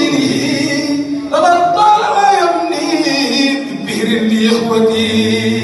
دينه فمن طالما يمنيه ببهر لإخوته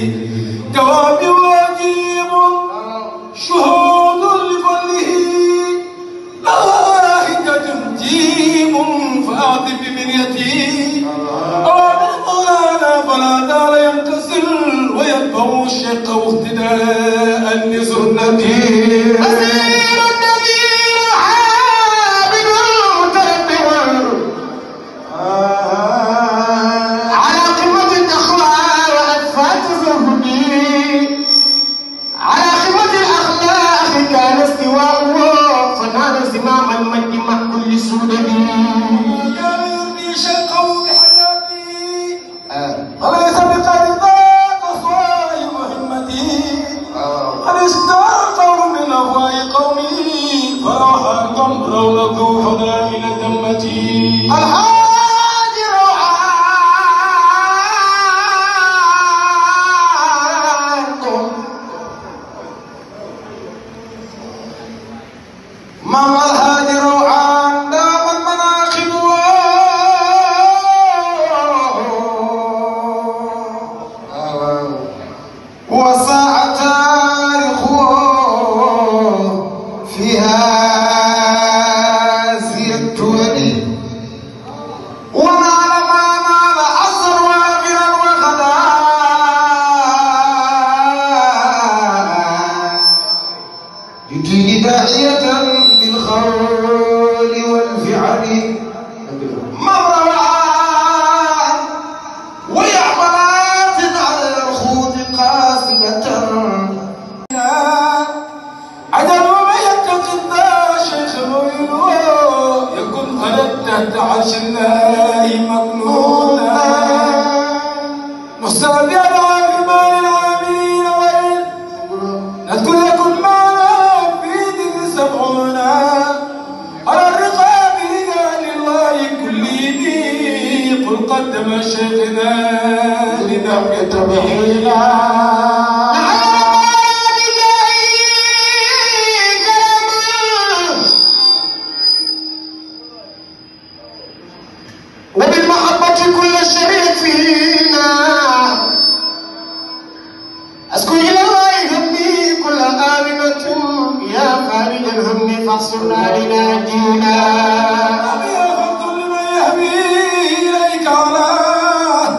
السنة لناجينا أبي الفضل لمن يهوي إليك عراه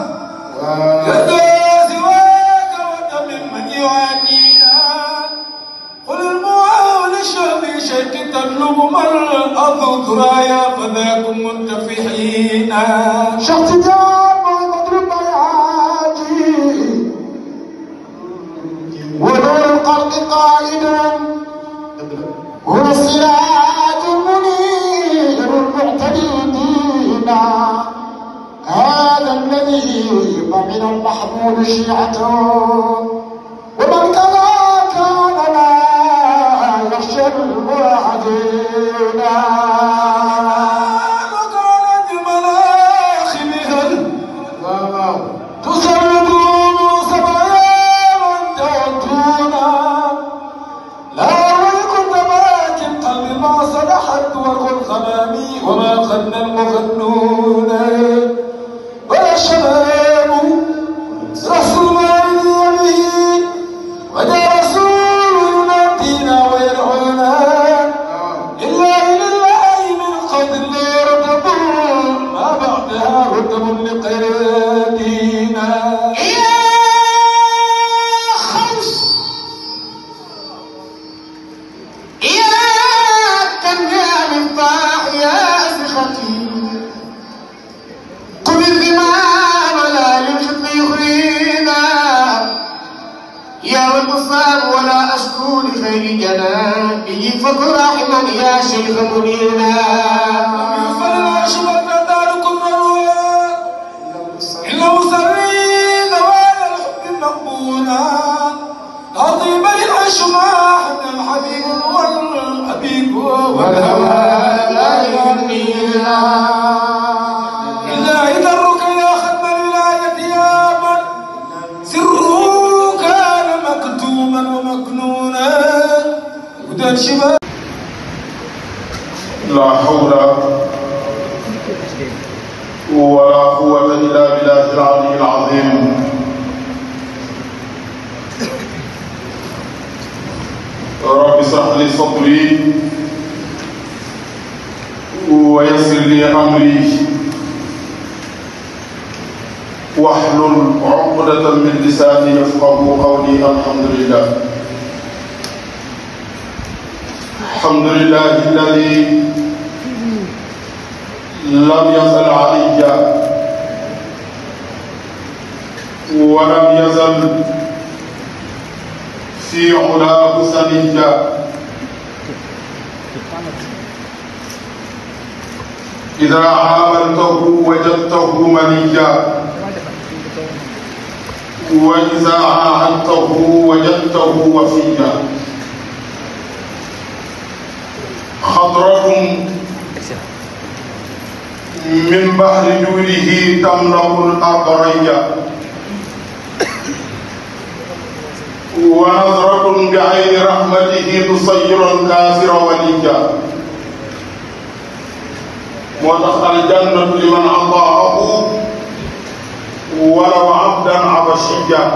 يدعو سواك وتم من يعانينا قل المعاول الشهب شيك تطلب من الأرض ثرايا فذاكم منتفحين شخص جاب وتضرب بيعاتي ودون القرض قائدا به ومن المحمود شيعته لي ويسر لي أمري واحلل عقدة من لساني يفقه قولي الحمد لله الحمد لله الذي لم يزل عليا ولم يزل في علاه سنيا إذا عاملته وجدته منيا وإذا عاهدته وجدته وفيا خضرة من بحر جوده تملأ الأرض ريا ونظرة بعين رحمته تصير الكافر وليا ودخل الجنة لمن أطاعه ولو عبدا عبشيا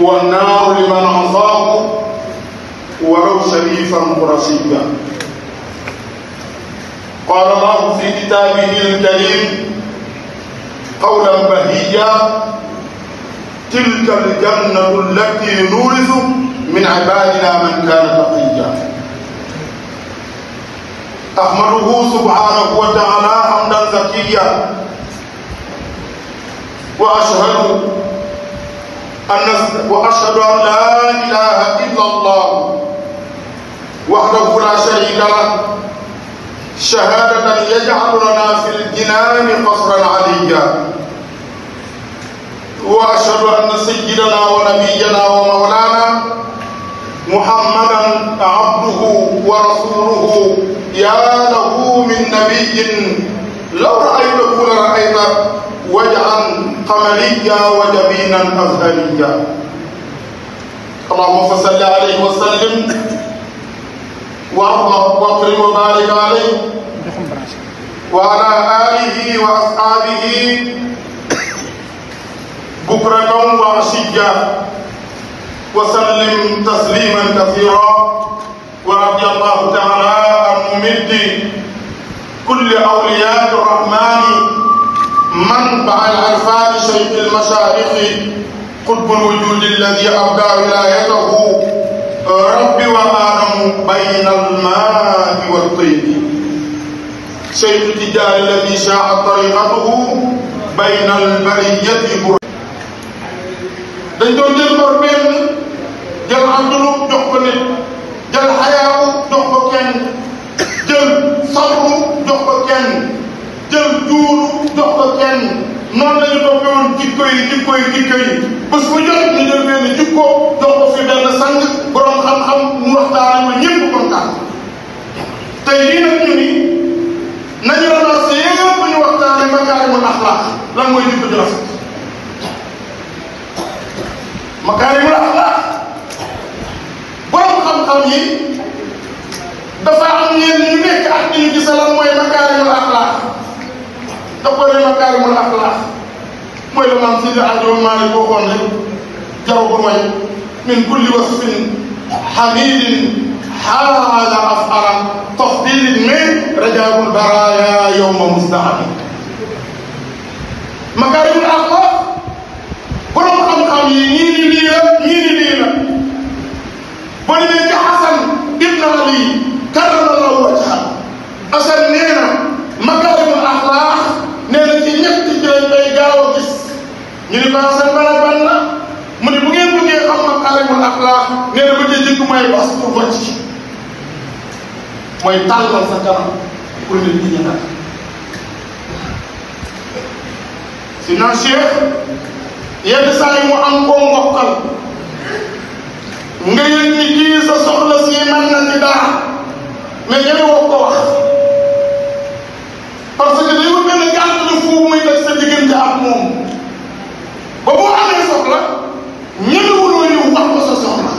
والنار لمن عصاه ولو شريفا قرشيا قال الله في كتابه الكريم قولا بهيا تلك الجنة التي نورث من عبادنا من كان تقيا أحمده سبحانه وتعالى حمدا زكيا وأشهد أن وأشهد أن لا إله إلا الله وحده لا شريك له شهادة يجعل لنا في الجنان قصرا عليا وأشهد أن سيدنا ونبينا ومولانا محمدا عبده ورسوله يا له من نبي لو رأيته لرأيته وجعا قمريا وجبينا أزهريا اللهم صل عليه وسلم وارضى واكرم وبارك عليه وعلى آله وأصحابه بكرة وعشية وسلم تسليما كثيرا ورضي الله تعالى عن ممد كل أولياء الرحمن منبع العرفان شيخ المشارق قطب الوجود الذي أبدى ولايته ربي وآدم بين الماء والطين شيخ التجار الذي شاعت طريقته بين البرية برهان dañ doon jël jël andulum jox ko nit jël jox ko kenn jël jox ko kenn jël jox ko kenn la ñu toppee woon jikko yi jikko bu jot ñu jël benn jikko jox ko fi sang borom xam-xam mu waxtaan ma ñëpp kontaan te lii nag ñu ni nañu ramassé yëpp bu ñu waxtaanee makaarimul axlaaq lan mooy jikko ju rafet makaarimul axlaaq borom xam-xam yi dafa am ñenn ñu nekk ak ñu gis lan mooy makaarimul axlaaq da ko ne makaarimul axlaaq mooy la maam Sidi Adio Maalik waxoon rek jaw ko may min kulli wasfin xamiidin xaala afara tafdilin min rajaabul baraaya yowma mustahabi makaarimul axlaaq borom xam-xam yi maam seen balaban la mu ne bu ngeen bëggee xam nag alamul axlaax nee na ba ca jëkk mooy bas pour wàcc mooy tàllal sa kanam pour nit ñi ñu nag sinon cheikh yenn saa yi mu am nga ni kii sa soxla si man na ci dara mais ñeme woo ko wax parce que dañu benn gàtt fu muy def sa ak ba boo amee soxla ñemewuloo ñëw wax ko sa soxla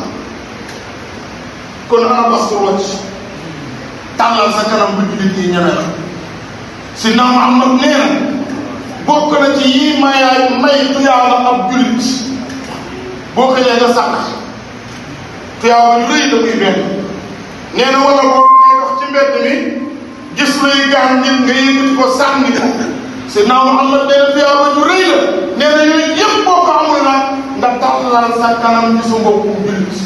kon abbas ko wàcc tàllal sa kanam bu jullit yi ñeme la si na Muhammad nee na bokk na ci yi mayaay may tuyaaba ab jullit boo xëyee nga sàkk tuyaaba yu rëy da muy benn nee na wala boo ngay ci mbedd mi gis luy gaan nit nga yëngati ko sànni ko si naaw Muhammad nee na tuyaaba ju rëy la nee na yooyu yëpp boo ko amul nag nga tàllal sa kanam gisu mbokku jullit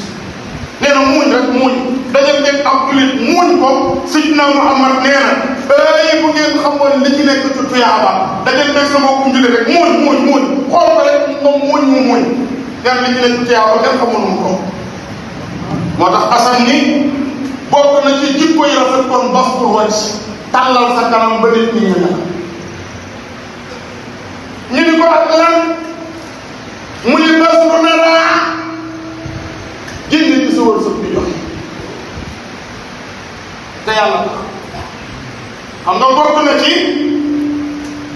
nee na muñ rek muñ dañu nekk ab jullit muñ ko Seydina Muhammad nee na ay bu ngeen xamoon li ci nekk ci tuyaaba dañu nekk sa mbokku jullit rek muñ muñ muñ xool ko rek moom muñ mu muñ nee na li ci nekk ci tuyaaba mu ko moo tax asan ni bokk na ci jikko yi rafet kon bastul wacc sa kanam ba nit ñi ñu ñu ni ko ak lan mu ni bés bu naraa génne ci sa wërsëg bi joxe te yàlla ko xam nga na ci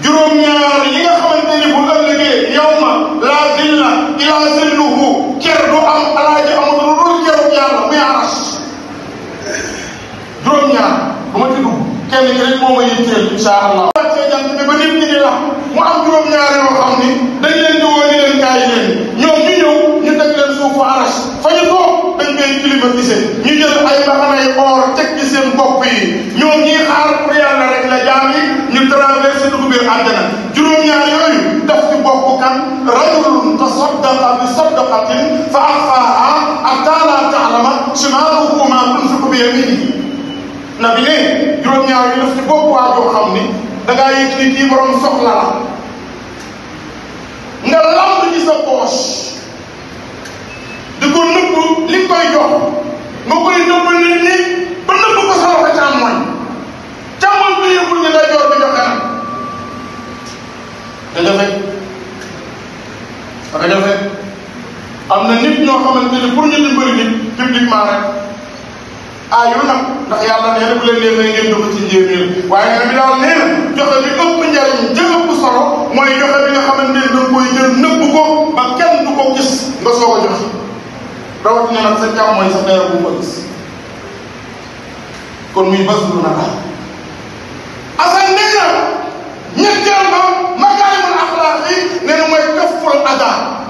juróom-ñaar yi nga xamante ni bu ëllëgee yow ma laa zilla ilaa zilluhu ker du am alaaji amul lu dul keru yàlla muy aras juróom-ñaar bu ma ci dugg kenn ki rek moo ma yitteel incha allah. wàccee jant i ba nit ñi di lax mu am juróom-ñaar yoo xam ni dañ leen di woo ni leen kaay leen ñoom ñu ñëw ñu teg leen suufu aras fa ñu toog dañ koy climatisé ñu jël ay mbaxana yu or teg ci seen bopp yi ñoom ñii xaar pour yàlla rek la jaam yi ñu traversé dugg biir àddina juróom-ñaar yooyu def ci bopp kan rajulun tasaddaqa bi saddaqatin fa axfaaha hatta la ta'lama shimaaluhu ma tunfiqu bi yaminihi na bi ne juróom-ñaar yi daf ci bopp waa joo xam ni da ngaa yëg ni kii borom soxla la nga lamb ci sa poche di ko nëbb li koy jox nga koy nëbb nit ñi ba nëbb ko sa loxo càmmoñ càmmoñ bi yëgul ni day jox bi joxe na da jafe da jafe am na nit ñoo xamante ni pour ñu dimbali nit publiquement rek aayul ah, nag ndax yàlla nee na bu leen nee may ngeen joxe ci njéeméer waaye nee na bi daal nee na joxe bi ëpp njariñ jëgëpp solo mooy joxe bi nga xamante ne da koy jël nëbb ko ba kenn du ko gis nga soo ko joxe rawatina nag sa càmmooñ sa dayoo bu mu ko gis kon muy bés bu na daal. asan nee na ñetteel ba makaarimul axlaaq yi nee na mooy kaful adaa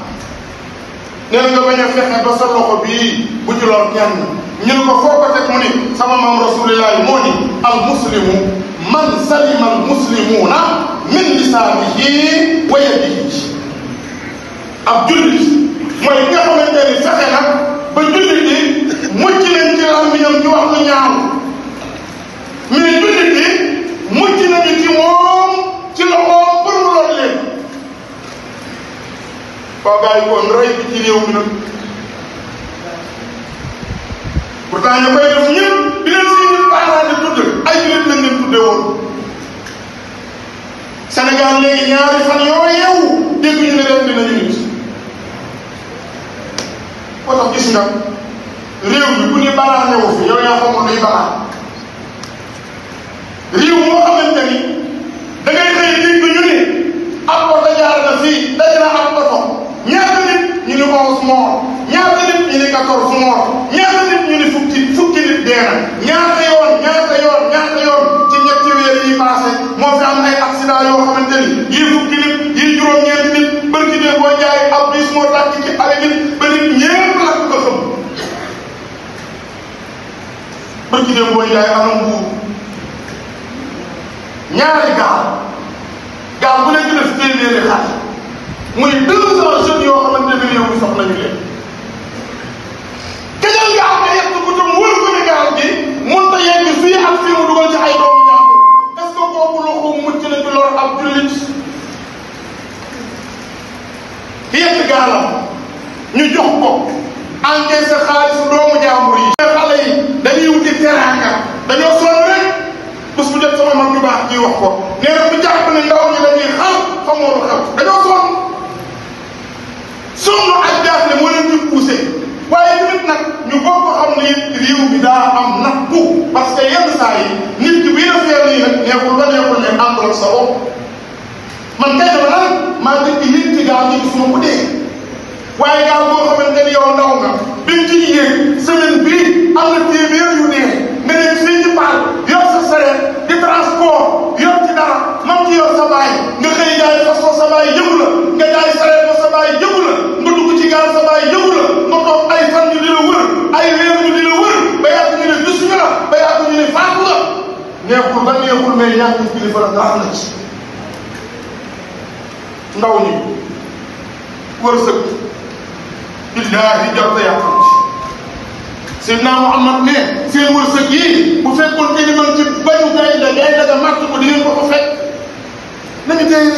nee na nga bañ a fexe ba sa loxo bii bu ci lor kenn ñu ne ko foo ko teg mu ni man salima al min lisaanihi wa yadihi ab jullit mooy nga xamante ni fexe nag ba jullit bàyyi koon rey bi ci réew mi nag pourtant ñu koy def ñëpp bi leen seen i parents di tudd ay jullit lañ leen tuddee woon Sénégal léegi ñaari fan yoo yeewu dégg ñu ne leen dinañu nit boo tax gis nga réew bi ku ne balaa newu fi yow yaa xamul luy balaa réew moo xamante ni da ngay xëy dégg ñu ne ab oto jaar na fii daje na ñaata nit ñu ni onze morts ñaata nit ñu ni quatorze morts ñaata nit ñu ni fukki fukki nit dee na ñaata yoon ñaata yoon ñaata yoon ci ñetti weer yi passé moo fi am ay accident yoo xamante ni yii fukki nit yii juróom-ñeenti nit bërki ne boo jaay ab bis moo tàkk ci ale nit ba nit ñépp lakk ko xam bërki ne boo jaay anam buur ñaari gaal gaal bu nekk def téeméeri xar muy deux cent jeunes yoo xamante ne réew mi soxla ñu leen te nga xam ne yàq bu tudd wóor ko ne gaal gi mënta yegg fii ak fii mu diw daa am nattu parce que yenn saa yi nit ki a defee nii nag neexul ba neexul ne àndul ak sa bopp man tey dama naan maa ngi ci yëg ci gaal gi ma ko dee waaye gaal boo xamante ni yow ndaw nga bi nga ciy yëg am na téeméer yu neex nga ne fii ci paal yor sa sareet di transport yor ci dara mam ci yor sa baay nga xëy jaay fas sa baay yëngu la nga jaay sareet ba sa baay yëngu nga dugg ci gaal neexul ba neexul mais ñàkk kilifa la ndax na ci ndaw ñi billaahi jar na yàqam ci Seydina Muhammad ne seen wërsëg yi bu fekkoon man ci bañu gay la gay la nga màtt ko di ngeen ko ko fekk nañu tey rek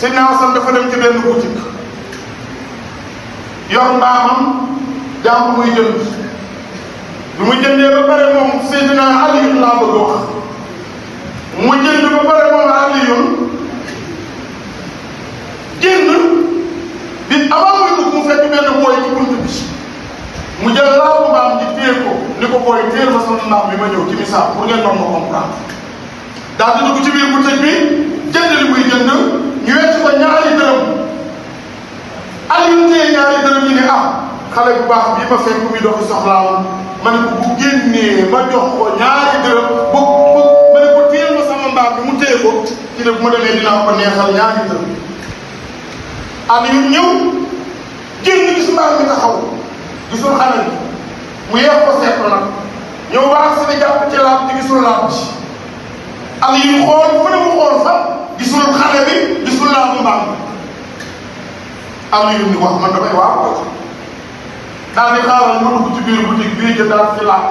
Seydina Asan ci benn boutique yor mbaamam jàmm muy jënd bi mu jëndee ba pare moom Seydina Aliyun laa bëgg wax mu jënd ba pare moom Aliyun jënd bi avant muy dugg mu fekk benn booy ci bunt bi mu jël laabu mbaam di téye ko ni ko booy téyel ma sama mbaam bi ma ñëw ci misaal pour ngeen doon ma comprendre daal di dugg ci biir boutique bi jënd li muy jënd ñu wecc ko ñaari dërëm Aliyun téye ñaari dërëm ñu ne ah xale bu baax bii ma fekk muy doxi soxlaawam ma ne ko bu génnee ma jox ko ñaari dërëm ba ba ma ne ko téye ma sama mbaam bi mu téye ko ci ne bu ma demee dinaa ko neexal ñaari dërëm am yu ñëw génn gis mbaam bi taxaw gisul xale bi mu yeex ko seetlu nag ñëw baax si ne jàpp ci laab bi gisul laab bi am yu xool fu ne mu xool fa gisul xale bi gisul laab mbaam bi am yu ni wax man damay waaw ko daal di xaaral mu dugg ci biir boutique bii jëndaat fi làmp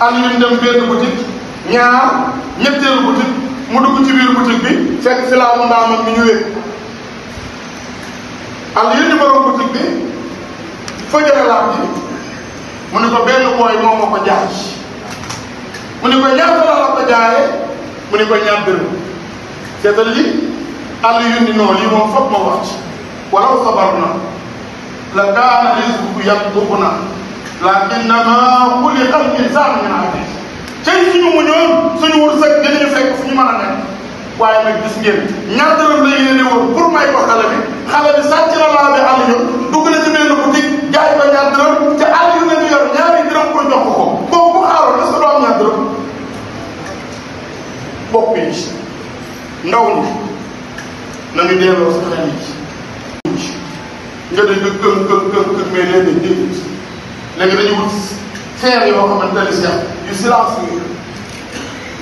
am ñu dem benn boutique ñaar ñetteelu boutique mu dugg ci biir boutique bi fekk fi laamu ndaamam mi ñu wéet am yéen ñu borom boutique bi fa jëlee làmp bi mu ne ko benn booy moom moo ko jaay mu ne ko ñaata la ko jaayee mu ne ko ñaar dërëm seetal li àll yu ni noonu lii moom foog ma wax ci wala na لكان رزقه يطلبنا لكنما خلق الانسان من عجيز cay suñu muñoon suñu wërsëg dinañu fekk fu ñu mën a nekk waaye nag gis ngeen ñaar dërëm la yéene woon pour may ko xale bi xale bi sàcc na laa bi àll yoon dugg na ci benn boutique jaay te àll yu nañu yor ñaari dërëm ko jox ko kooku bu xaaroon est-ce que doo am ñaar dërëm bopp yi ndaw ñi nañu delloo nga dañ ko gëm gëm gëm gëm mais léegi dañ dégg léegi dañu wut feer yoo xamante ne si yu silence yi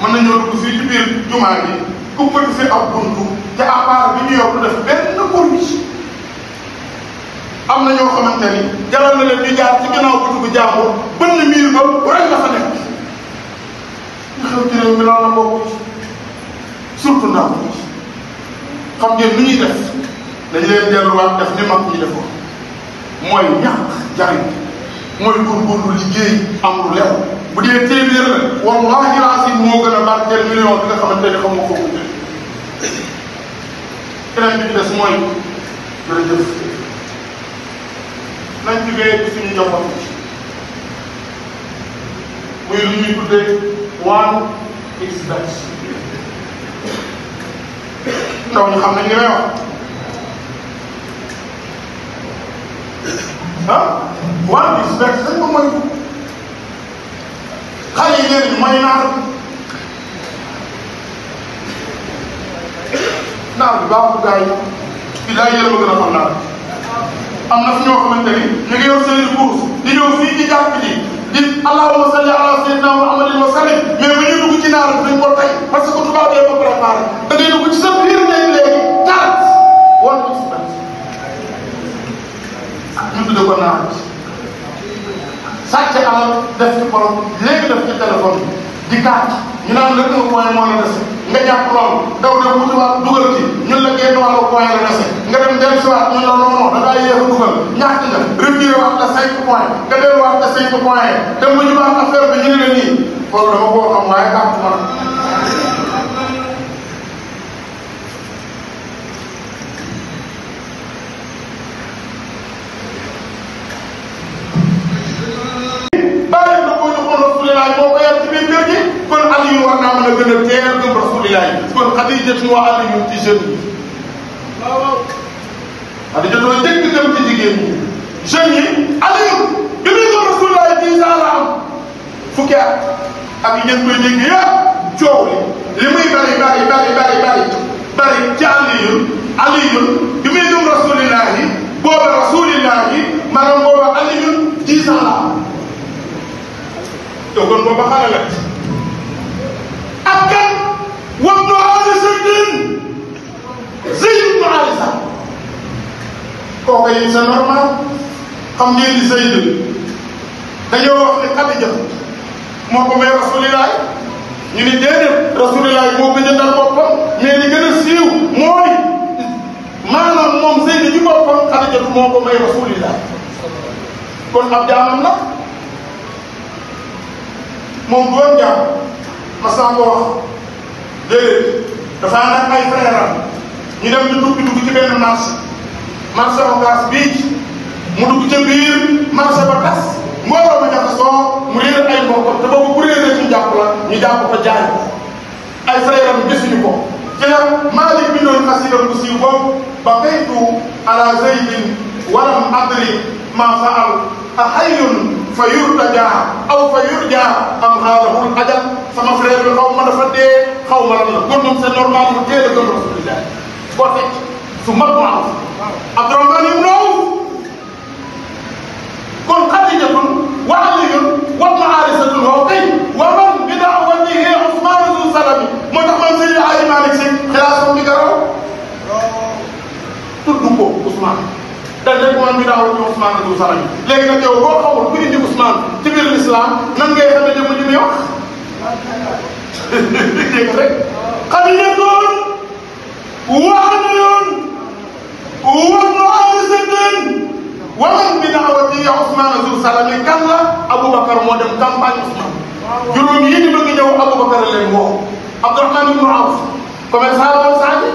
mën nañoo dugg fii ci biir jumaa bi ku bëgg fi ab buntu te à part bi ñu yor def benn produit am na ñoo xamante ni jaral na leen ñu jaar ci ginnaaw buntu bu jàmbur bënn miir ba rek la fa nekk ñu xew ci réew mi loolu la bokk surtout ndaw xam ngeen nu ñuy def. dañu leen delluwaat def ni mag ñi defoon mooy ñàkk jariñ mooy góorgóorlu liggéey am lu lew bu dee téeméer la wallahi laasim moo gën a barkeel million bi nga xamante ne xam nga ko wute keneen bi ci des mooy jërëjëf nañ liggéey ci suñu njaboot muy lu ñuy tuddee one expert ndaw ñu xam nañ li may wax ah waa bi su fekk dañ ko moytu xale yi léegi mooy naaw naaw bi baaxul gars yi di daay yéen a gën a xam naaw am na fi ñoo xamante ni ñu ngi yor seen i cours di ñëw fii di di allahumma salli ala sayyidina muhammadin wa sallim mais bu ñuy dugg ci naaw bi dañ ko tey parce que tubaab bee ko préparé da ngay dugg ci sa naa ko ci sàcc alal def ci borom léegi def ci téléphone bi di kàcc ñu naan la un point moo la dese nga jàpp loolu daw dem wutiwaat dugal ci ñun la génn wàllu point la dese nga dem dem si waat ñun la non non da ngaa yéex a dugal ñàkk nga retiré waat la cinq point nga delluwaat la cinq point te mu ñu waat affaire bi ñu ne la nii loolu dama koo xam waaye kàcc ma na gën a teel gëm rasulillahi kon xadijatu wa aliyu ci jeune yi waaw xadija doo jëkk gëm ci jigéen ñi jeune yi aliyu bi muy gëm rasulillahi dix ans la am fukki at ak ñen koy dégg yëpp coow li muy bari bari bari bari bari bari ci aliyu aliyu bi muy gëm rasulillahi booba rasulillahi maanaam booba aliyu dix ans la am te kon booba xale la ak kan wabnu ali sadin zeyd ibnu alisa kooku yi c'est normal xam ngeen di zeyd dañoo wax moo ko may rasulilaay ñu ni déedéet rasulilaay moo ko jëndal boppam mais li gën a siiw mooy maanaam moom zeyd ci boppam Xadija moo ko may rasulilaay kon ab jaamam la moom doon jaam Masamba wax déedéet dafa ànd ak ay frère ñu dem di dugg dugg ci benn marché marché Ocass bii mu dugg ca biir marché ba tas mbooloo ma jaxasoo mu réeral ay mbokk te boobu bu réeree ñu jàpp la ñu jàpp ko jaay ay frère gisuñu ko ci la Maalik bindoon xasiidam bu siiw boobu ba baytu ala zaydin walam adri ما فعل أحي فيرتجى أو فيرجى أم هذا هو الأدب sama frère bi xaw ma dafa dee xaw ma lan la kon moom c'est normal mu teel a gëm rasulillah boo fekk su mag mu am Abdourahmane ibn Awf kon xadijatun wa aliyun wa ibnu harisatun wa kay wa man bi daawatihi Usmaan zu salami moo tax man Seydi Aji Malick Si xilaasam bi garaw tudd ko Usmaan dañ rek moom ñu daaw ñu Ousmane ak Ousmane léegi nag yow boo xamul ku indi Ousmane ci biir l'islam nan ngay xam ne jëmm ji muy wax dégg nga rek xam ne doon wax na yoon wax na am sëddeen waman bi daawati ya Ousmane ak Ousmane kan la Aboubacar moo dem campagne Ousmane juróom yi ñu bëgg ñëw Aboubacar leen woo Abdourahmane ibn Awf commerçant la woon Sadio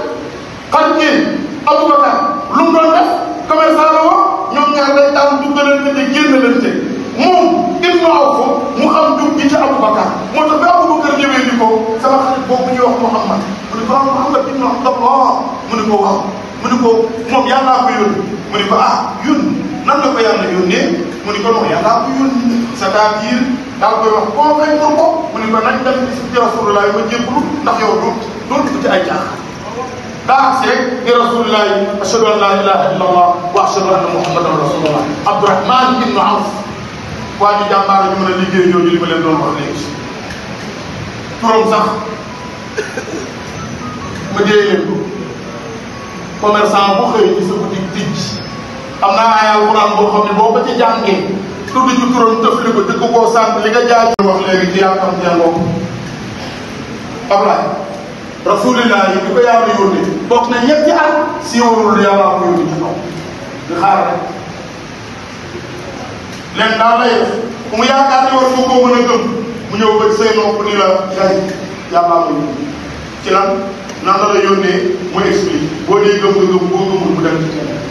xam ngeen Aboubacar lu mu doon def commerçant la woon ñoom day daan duggalante te génnalante moom ibnu Awf mu am dugg gi ci Aboubacar moo tax ba Aboubacar ñëwee ni ko sama xarit boobu ñuy wax Mouhamad mu ne ko ah Mouhamad ibnu Abdallah mu ne ko waaw mu ne ko moom yàllaa ko yónni mu ne ko ah nan la ko yàlla yónnee mu ne ko non yàllaa ko yónni c'est-à-dire daal koy wax convaincre ko mu ne ko nañ dem ci Rasulullah ma jébbalu ndax yow doo doo dugg ci ay jaaxal. daa am seeg ni rasulullahi ashadu an la ilaha illa wa ashadu anna muhammadan rasulullah abdourahman ibnu awf waa ñu jàmbaar ñu mën a liggéey ñooñu li ma leen doon wax léegi turam sax ma jëlee leen ko commerçant bu xëy ci sa boutique tijj am naa ay alxuraan boo xam ne boo ko ci jàngee tudd ju turam tëf li ko dëkk koo sant li nga jaay wax léegi ci yàkkam jàngoo Ablaye rasulillah yi di ko yàlla yónni bokk na ñetti si warul yàllaa ko yónni ci kaw di xaar rek leen daa lay ku mu yaakaar ni war nga koo mën a gëm mu ñëw ba say nopp ni la gay yàllaa ko yónni ci lan nan la la yónnee mu explique boo dee gëm nga gëm mu dem ci keneen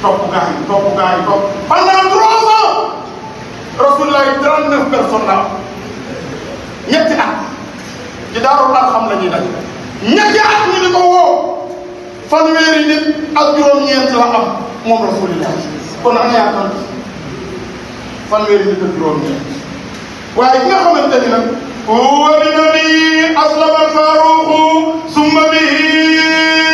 topp ci daarul arxam la ñuy daj ñetti at ñu di ko woo fanweeri nit ak juróom-ñeent la am moom rasulillah kon ana yaa tant fanweeri nit ak juróom-ñeent waaye ki nga xamante ni nag huwa bi nabi aslama alfaruqu summa bihi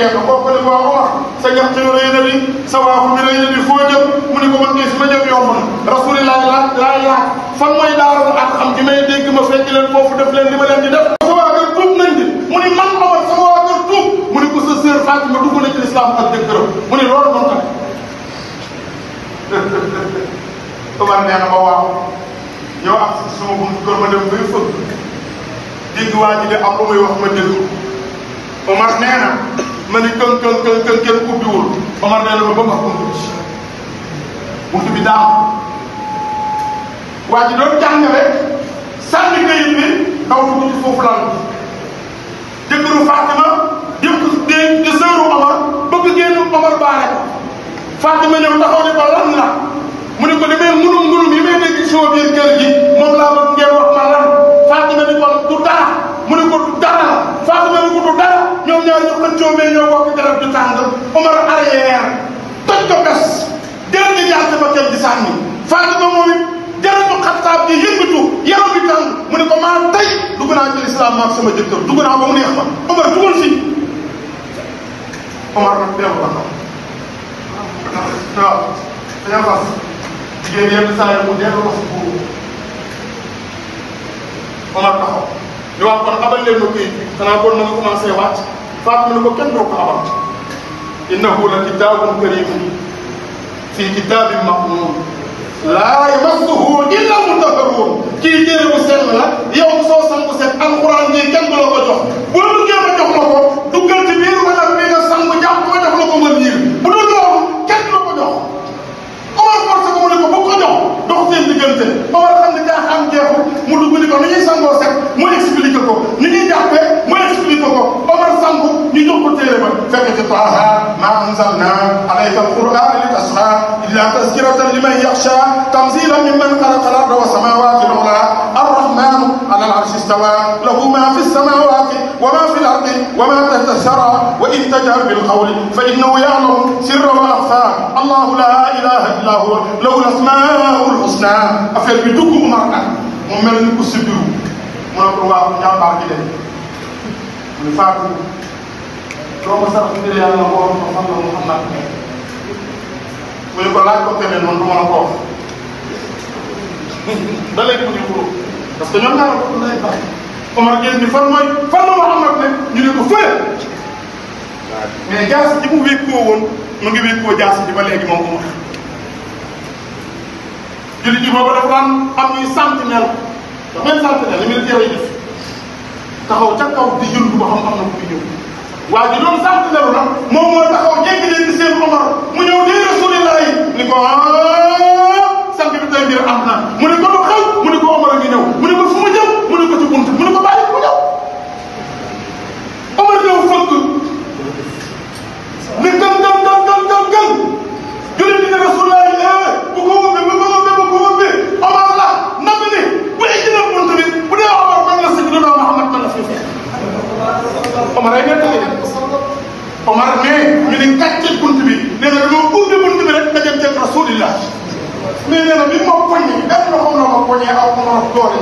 kenn kooku ne ko Omar sa ñax yu rëy na sa waafu bi rëy na bi foo jëm mu ne ko man nii fi ma jëm yomb na rasulillah laaj laaj laaj fan mooy daara bu ak am ji may dégg ma fekk leen foofu def leen li ma leen di def. sa waa kër tuub nañ di mu ni man Omar sama waa kër mu ni ko sa sœur Fatima dugg na ci lislaam ak jëkkëram mu ni loolu moom tamit. Omar nee na ma waaw ñoo am sama buntu kër ma dem ma déglu ma kën kën kën kën kenn ubbiwul Omar nee na ma ba ma bunt bi bunt bi daam waa ji doon jàngale sànni kayit bi ndaw dugg ci foofu laal jëkkëru Fatima jëkk de de sëru Omar bëgg génn Omar baare Fatima ñëw taxaw ne ko lan la mu ne ko demee munum munum yi may dégg suma biir kër gi moom laa bëgg ngeen wax ma lan Fatima ni ko du dara mu ne ko du Fatima ne ko du dara ñoom ñaar ñu xëccoo mais ñoo bokk garab ju tàng Omar arrière toj ko bes dara di ñaar dama kenn di sànni Fatima moom it dara ñu xattaab di yëngatu yaram bi tàng mu ne ko maa tey dugg naa ci lislaam maag sama jëkkër dugg naa ba mu neex ma Omar ko taxaw ñu wax kon abal leen ma këyit bi xanaa kon na nga commencé wàcc Faatu ne ko kenn doo ko abal innahu la kitaabun kariimun fi kitaabin maknuun laa yamassuhu illa mutahharuun kii téere bu sell la yow soo sangu set alxuraan nii kenn du la ko jox bu la duggee ba jox la ko duggal ci biir wala bi nga sangu jàpp ko jox la ko nga kenn du la ko seen diggante ba war a xam ne jaaxaan jeexul mu dugg ni ko ni ñuy sangoo set mu expliqué ko ni ñuy jàppee mu expliqué ko Omar sangu ñu jox ko téere ba fekk ci Taaha maa anzalna alayka alqur'ana li tasqa illa tazkiratan liman yaxsha tanzilan mimman xalaqa al arda wa samawati al ula arrahmanu ala al arshi istawa lahu ma fi samawa وما تتسرى وإن تجهر بالقول فإنه يعلم سر وأخفى الله لا إله إلا هو له الأسماء الحسنى affaire bi dugg Umar nag mu mel ni ku sibbiru mu ne ko waaw jàmbaar gi de mu ne Fatou doo ko sarax mbir yàlla borom ko xam na Muhammad mu ne ko laaj ko keneen man du ma la ko wax da lay ko parce que ñoom ñaar ko lay baax Omar Gueye ni fan mooy fan la Mouhamad ne ñu ne ko fële mais jaas ji mu wékkoo woon mu ngi wékkoo jaas ji ba léegi moom Omar jullit yi boobu dafa daan am ñuy sentinelle da ngay sentinelle li muy jëriñ def taxaw ca kaw di yëngu ba na ku fi ñëw mu ñëw di Rasulillah yi ni ko ah sant bi tey mbir am na mu ko Omar ay nett Omar mais ne gàcceel bunt bi nee na loo bunte bunt bi rek dajeeg teg rasulillah mais nee bi ma poñee def aw Omar doole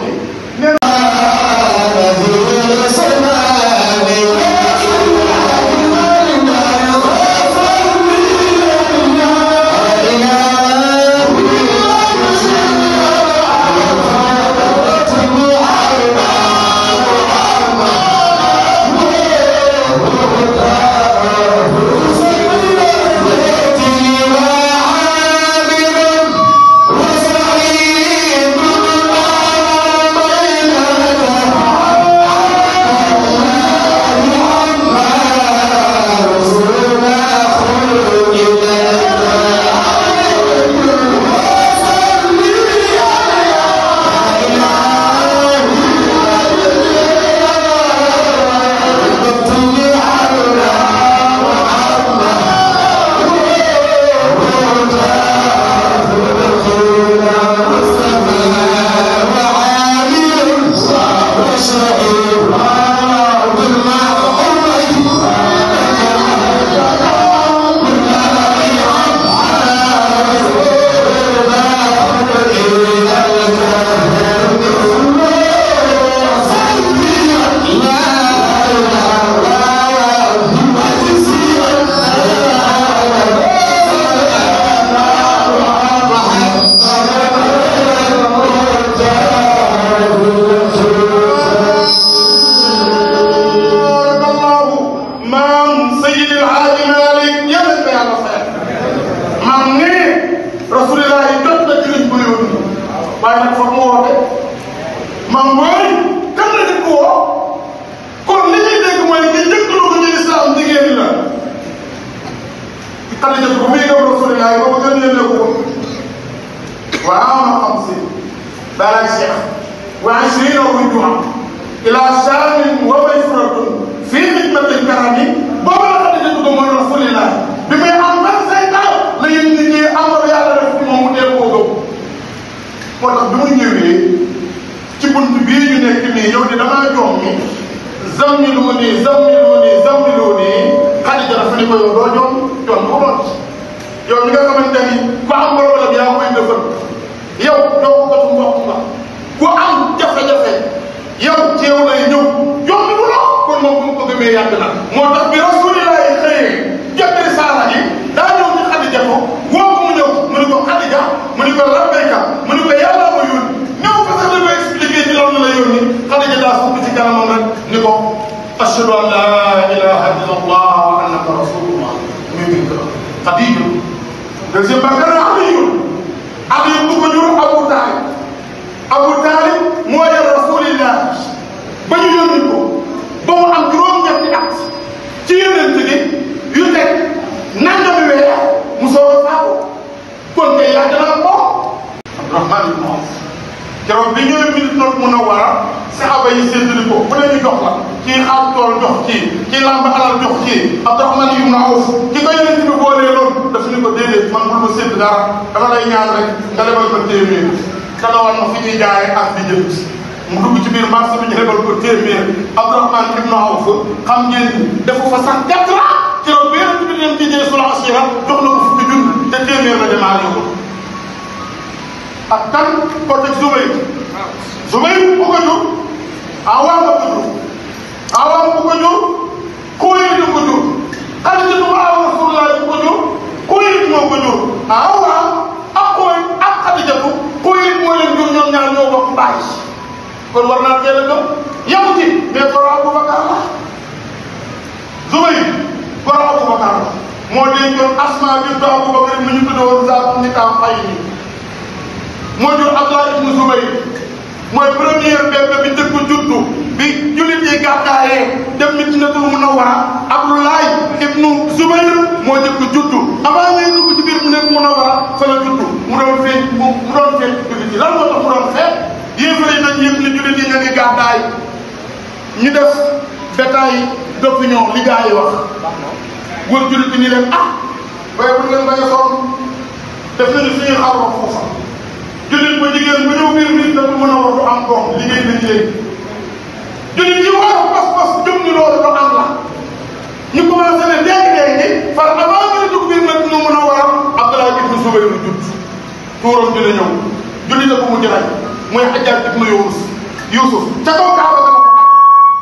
baykat mu ne ko yàlla ma yónni ñëw ko sax da ko expliqué ci loolu la yónni xale ji daa sukk ci kanamam rek ni ko ashhadu an la ilaha illa allah wa annaka rasulullah muy bind xadiija deuxième bakkan aliyu aliyu mooy bi ñëwee Madina Munawwara saxaaba yi séddale ko bu leen di jox la kii xaar tool jox kii kii làmb alal jox kii Abdurahmaan ibn Awf ki ko yeneen bi boolee loolu daf ni ko déedéet man bul ma sédd dara dama lay ñaan rek nga lebal ma téeméer dalawan ma fi ñuy jaayee ak di jënd mu dugg ci biir marché bi ñu lebal ko téeméer Abdurahmaan ibn Awf xam ngeen defu fa sax quatre ans ci loolu bi yéen bi leen tijjee jox na ko fukki junni te téeméer la démarré ko ak kan koo teg Zubayr Zubayr bu ko jur Awaam a ko jur Awaam bu ko jur Kuwayl bu ko jur Xadiijatu Awa Rasulullah bu ko jur Kuwayl moo ko jur Awaam ak Kuwayl ak Xadiijatu Kuwayl moo leen jur ñoom ñaar ñoo bokk baay kon war naa teel a gëm yemu ci mais goro Abubakar la Zubayr goro Abubakar la moo dencoon Asmaa bi doo Abubakar mi ñu tudde woon Zaat ni kaam fay nii moo jur Abdallah ibnu Zubayr mooy première bébé bi njëkk a juddu bi jullit yi gàddaayee dem Madinatul Munawwara Abdallah ibnu Zubayr moo njëkk a juddu avant ngay dugg ci biir Madinatul fa la juddu mu doon feeñ mu doon feeñ jullit yi mu doon feeñ yéefar yi dañ yëg ne jullit yi ña ngi gàddaay ñu def bétail d'opinion li gars wax wër jullit yi ni ah waaye bu ngeen def nañu suñuy xaroo foofa julit bu jigéen bu ñëw biir nit dafa mën a war du am doom liggéey julit yi war a pas pas jëm ni loolu du am la ñu commencé ne léegi léegi far avant nga dugg biir nag ñu mën a war abdoulaye ibnu soubay lu jut tuuram dina ñëw julit ko mu jëlaat mooy xajjaat ibnu yunus yusuf ca kaw kaaba dama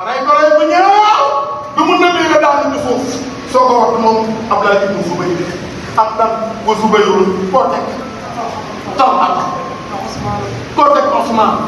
ray ko ray bu ñaaw bi mu nga daal ci suuf soo ko wax moom abdoulaye ibnu soubay wa ak Osman. Côté Osman.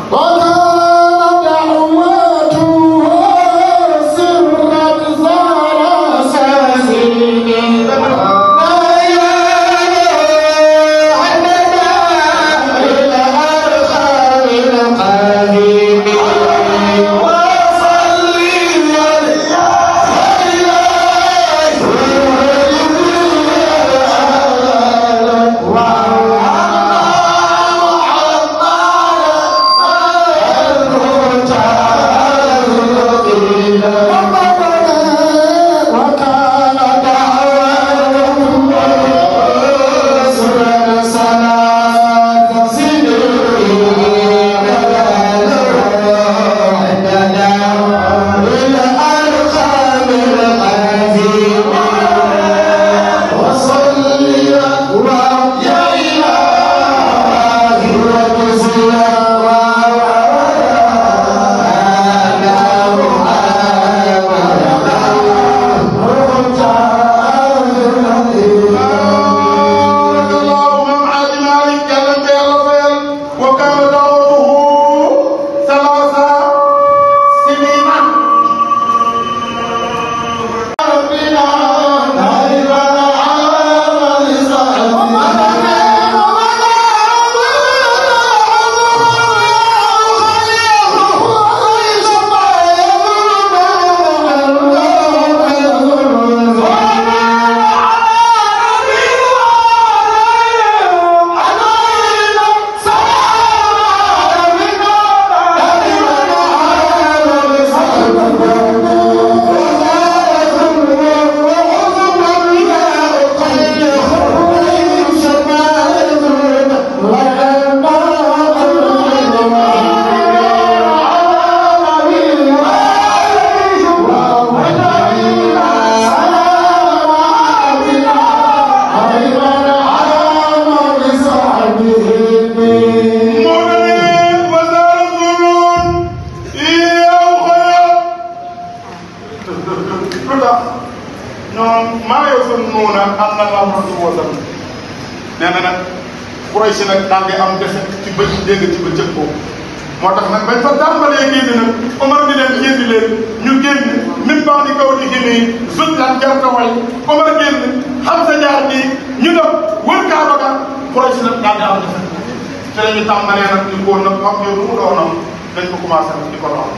te la ñu tàmbalee nag ñu ko nag wax yow lu mu doonoon dañ ko commencé nag di ko doon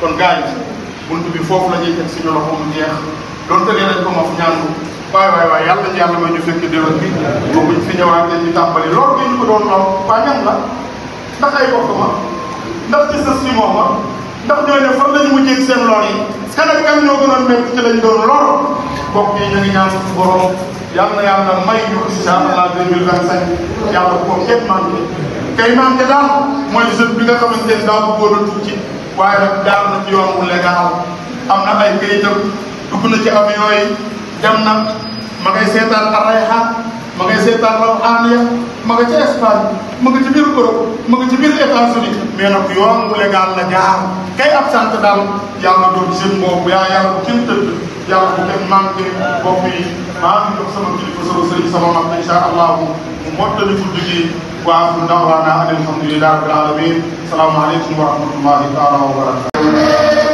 kon gaañ bunt bi foofu la ñuy teg suñu loxo mu jeex donte nee nañ ko moof ñaanu waay waay waay yàlla nañu yàlla may ñu fekk déwén bi boobu ñu fi ñëwaat dañ ñu tàmbali loolu bi ñu ko doon wax waa la ndax ay bokk ma ndax ci si moom ma ndax ñooy ne ñu mujjee seen yi kan ak kan ñoo gënoon métti ci lañ ñu ngi ñaan yàlla na yàlla may ñu incha allah deux mille vingt cinq yàlla bu ko kenn manqué kay manqué daal mooy jeune bi nga xamante ni daa bëggoon a tukki waaye nag daal na ci yoon wu am na ay kayitam dugg na ci am yooyu dem na ma ngay seetaan arrayxaan ma ngay seetaan rawxaan ya ma nga ca Espagne ma nga ci biir Europe ma nga ci biir États-Unis mais nag yoon wu légal la jaar kay absente daal yàlla doon jeune boobu yaa yàlla bu kenn tëdd yàlla bu kenn manqué mbokk yi maa ngi jox sama kilifa sama sëriñ sama mag incha allahu mu mottali guddi gi waa su ndaw waanaa alhamdulilah rabbil alamin salaamaaleykum wa rahmatullahi taala wa barakatu